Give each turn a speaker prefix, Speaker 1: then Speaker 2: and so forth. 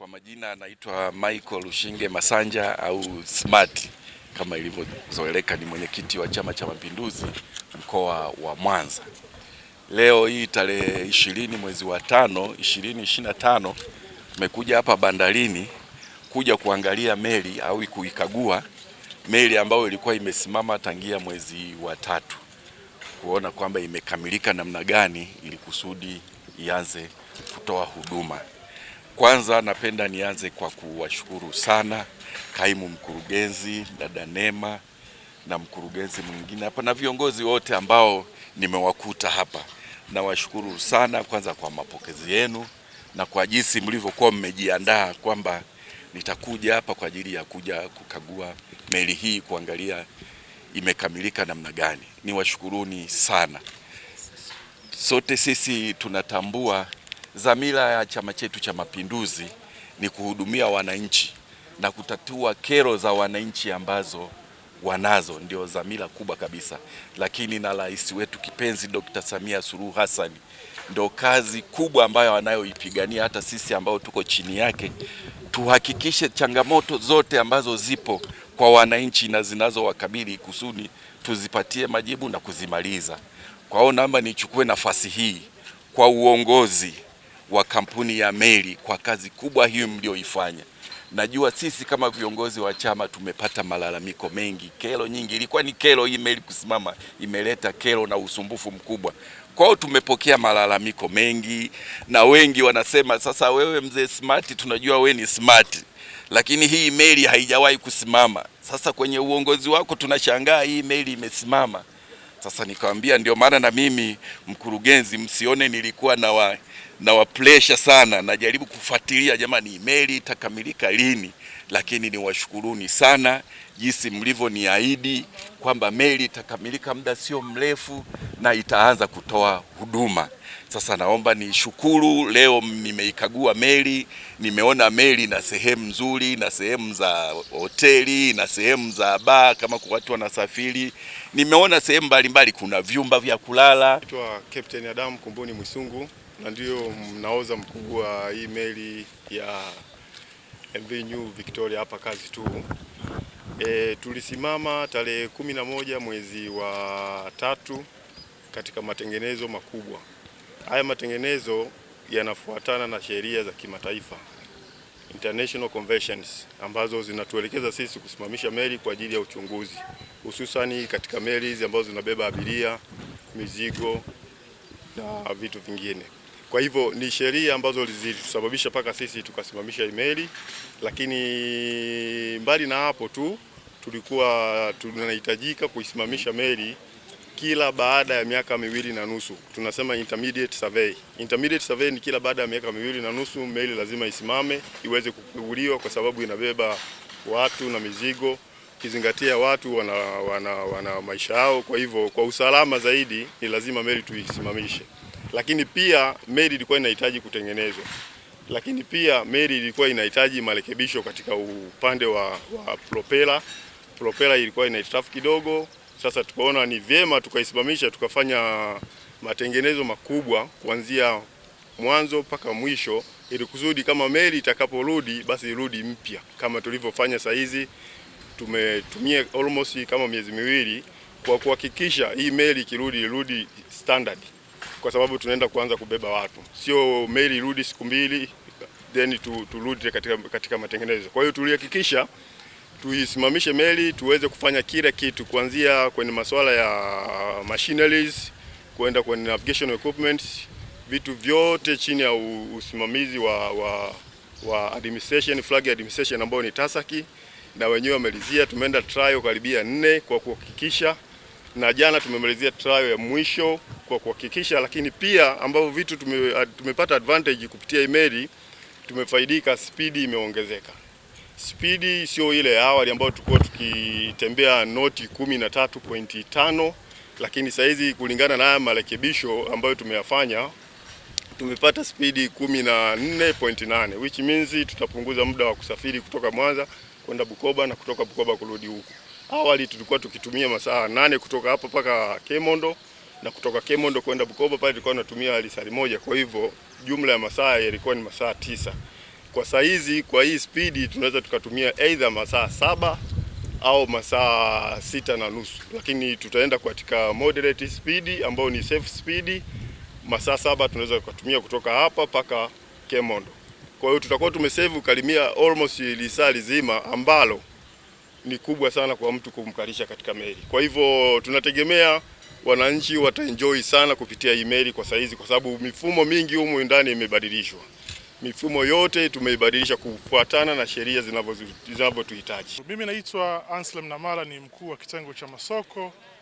Speaker 1: Kwa majina anaitwa Michael Ushinge Masanja au Smart kama ilivyozoeleka, ni mwenyekiti wa Chama cha Mapinduzi mkoa wa Mwanza. Leo hii tarehe ishirini mwezi wa tano ishirini ishirini na tano tumekuja hapa bandarini kuja kuangalia meli au kuikagua meli ambayo ilikuwa imesimama tangia mwezi wa tatu kuona kwamba imekamilika namna gani ili kusudi ianze kutoa huduma. Kwanza napenda nianze kwa kuwashukuru sana kaimu mkurugenzi dada Nema na mkurugenzi mwingine hapa na viongozi wote ambao nimewakuta hapa. Nawashukuru sana kwanza kwa mapokezi yenu na kwa jinsi mlivyokuwa mmejiandaa kwamba nitakuja hapa kwa ajili ya kuja kukagua meli hii, kuangalia imekamilika namna gani. Niwashukuruni sana. Sote sisi tunatambua Dhamira ya chama chetu cha Mapinduzi ni kuhudumia wananchi na kutatua kero za wananchi ambazo wanazo, ndio dhamira kubwa kabisa. Lakini na rais wetu kipenzi Dr. Samia Suluhu Hassan ndo kazi kubwa ambayo anayoipigania. Hata sisi ambao tuko chini yake tuhakikishe changamoto zote ambazo zipo kwa wananchi na zinazowakabili kusudi tuzipatie majibu na kuzimaliza. Kwa hiyo naomba nichukue nafasi hii kwa uongozi wa kampuni ya meli kwa kazi kubwa hiyo mlioifanya. Najua sisi kama viongozi wa chama tumepata malalamiko mengi, kero nyingi. Ilikuwa ni kero hii meli kusimama, imeleta kero na usumbufu mkubwa kwao. Tumepokea malalamiko mengi, na wengi wanasema sasa, wewe mzee Smart, tunajua wewe ni smart, lakini hii meli haijawahi kusimama. Sasa kwenye uongozi wako tunashangaa hii meli imesimama. Sasa nikawambia ndio maana na mimi mkurugenzi, msione nilikuwa na wa, na wa pressure sana, najaribu kufuatilia jamani, meli itakamilika lini? lakini niwashukuruni sana jinsi mlivyoniahidi kwamba meli itakamilika muda sio mrefu na itaanza kutoa huduma. Sasa naomba nishukuru, leo nimeikagua meli, nimeona meli na sehemu nzuri na sehemu za hoteli na sehemu za baa kama kwa watu wanasafiri. Nimeona sehemu mbalimbali, kuna vyumba vya kulala.
Speaker 2: Naitwa Captain Adam Kumbuni Mwisungu na ndio mnaoza mkuu wa hii meli ya MV New Victoria hapa kazi tu. E, tulisimama tarehe kumi na moja mwezi wa tatu katika matengenezo makubwa. Haya matengenezo yanafuatana na sheria za kimataifa international conventions ambazo zinatuelekeza sisi kusimamisha meli kwa ajili ya uchunguzi, hususani katika meli hizi ambazo zinabeba abiria, mizigo na vitu vingine. Kwa hivyo ni sheria ambazo zilisababisha mpaka sisi tukasimamisha imeli, lakini mbali na hapo tu tulikuwa tunahitajika kuisimamisha meli kila baada ya miaka miwili na nusu, tunasema intermediate survey. Intermediate survey ni kila baada ya miaka miwili na nusu meli lazima isimame iweze kukaguliwa, kwa sababu inabeba watu na mizigo, kizingatia watu wana, wana, wana maisha yao. Kwa hivyo kwa usalama zaidi ni lazima meli tuisimamishe lakini pia meli ilikuwa inahitaji kutengenezwa, lakini pia meli ilikuwa inahitaji marekebisho katika upande wa, wa propela. Propela ilikuwa ina hitilafu kidogo, sasa tukaona ni vyema tukaisimamisha, tukafanya matengenezo makubwa kuanzia mwanzo mpaka mwisho, ili kusudi kama meli itakaporudi basi irudi mpya kama tulivyofanya saa hizi. Tumetumia almost kama miezi miwili kwa kuhakikisha hii meli ikirudi irudi standard kwa sababu tunaenda kuanza kubeba watu, sio meli irudi siku mbili then turudi katika, katika matengenezo. Kwa hiyo tulihakikisha tuisimamishe meli tuweze kufanya kila kitu kuanzia kwenye masuala ya machineries kwenda kwenye navigation equipment, vitu vyote chini ya usimamizi wa, wa, wa administration flag administration ambayo ni Tasaki na wenyewe wamelizia. Tumeenda trial karibia nne kwa kuhakikisha, na jana tumemalizia trial ya mwisho kwa kuhakikisha, lakini pia ambavyo vitu tume, uh, tumepata advantage kupitia imeli, tumefaidika, spidi imeongezeka. Spidi sio ile ya awali ambayo tulikuwa tukitembea noti 13.5 lakini saa hizi kulingana na haya marekebisho ambayo tumeyafanya tumepata spidi 14.8 which means tutapunguza muda wa kusafiri kutoka Mwanza kwenda Bukoba na kutoka Bukoba kurudi huku. Awali tulikuwa tukitumia masaa nane kutoka hapa mpaka Kemondo na kutoka Kemondo kwenda Bukoba pale tulikuwa tunatumia lisali moja, kwa hivyo jumla ya masaa yalikuwa ni masaa tisa. Kwa hizi, kwa hii spidi tunaweza tukatumia aidha masaa saba au masaa sita na nusu, lakini tutaenda katika moderate speed ambayo ni safe speed. Masaa saba tunaweza tukatumia kutoka hapa mpaka Kemondo. Kwa hiyo tutakuwa tumesave kalimia almost lisali zima ambalo ni kubwa sana kwa mtu kumkalisha katika meli. Kwa hivyo tunategemea wananchi wataenjoy sana kupitia imeli kwa saizi, kwa sababu mifumo mingi humu ndani imebadilishwa. Mifumo yote tumeibadilisha kufuatana na sheria zinavyotuhitaji.
Speaker 3: Mimi naitwa Anselm Namala, ni mkuu wa kitengo cha masoko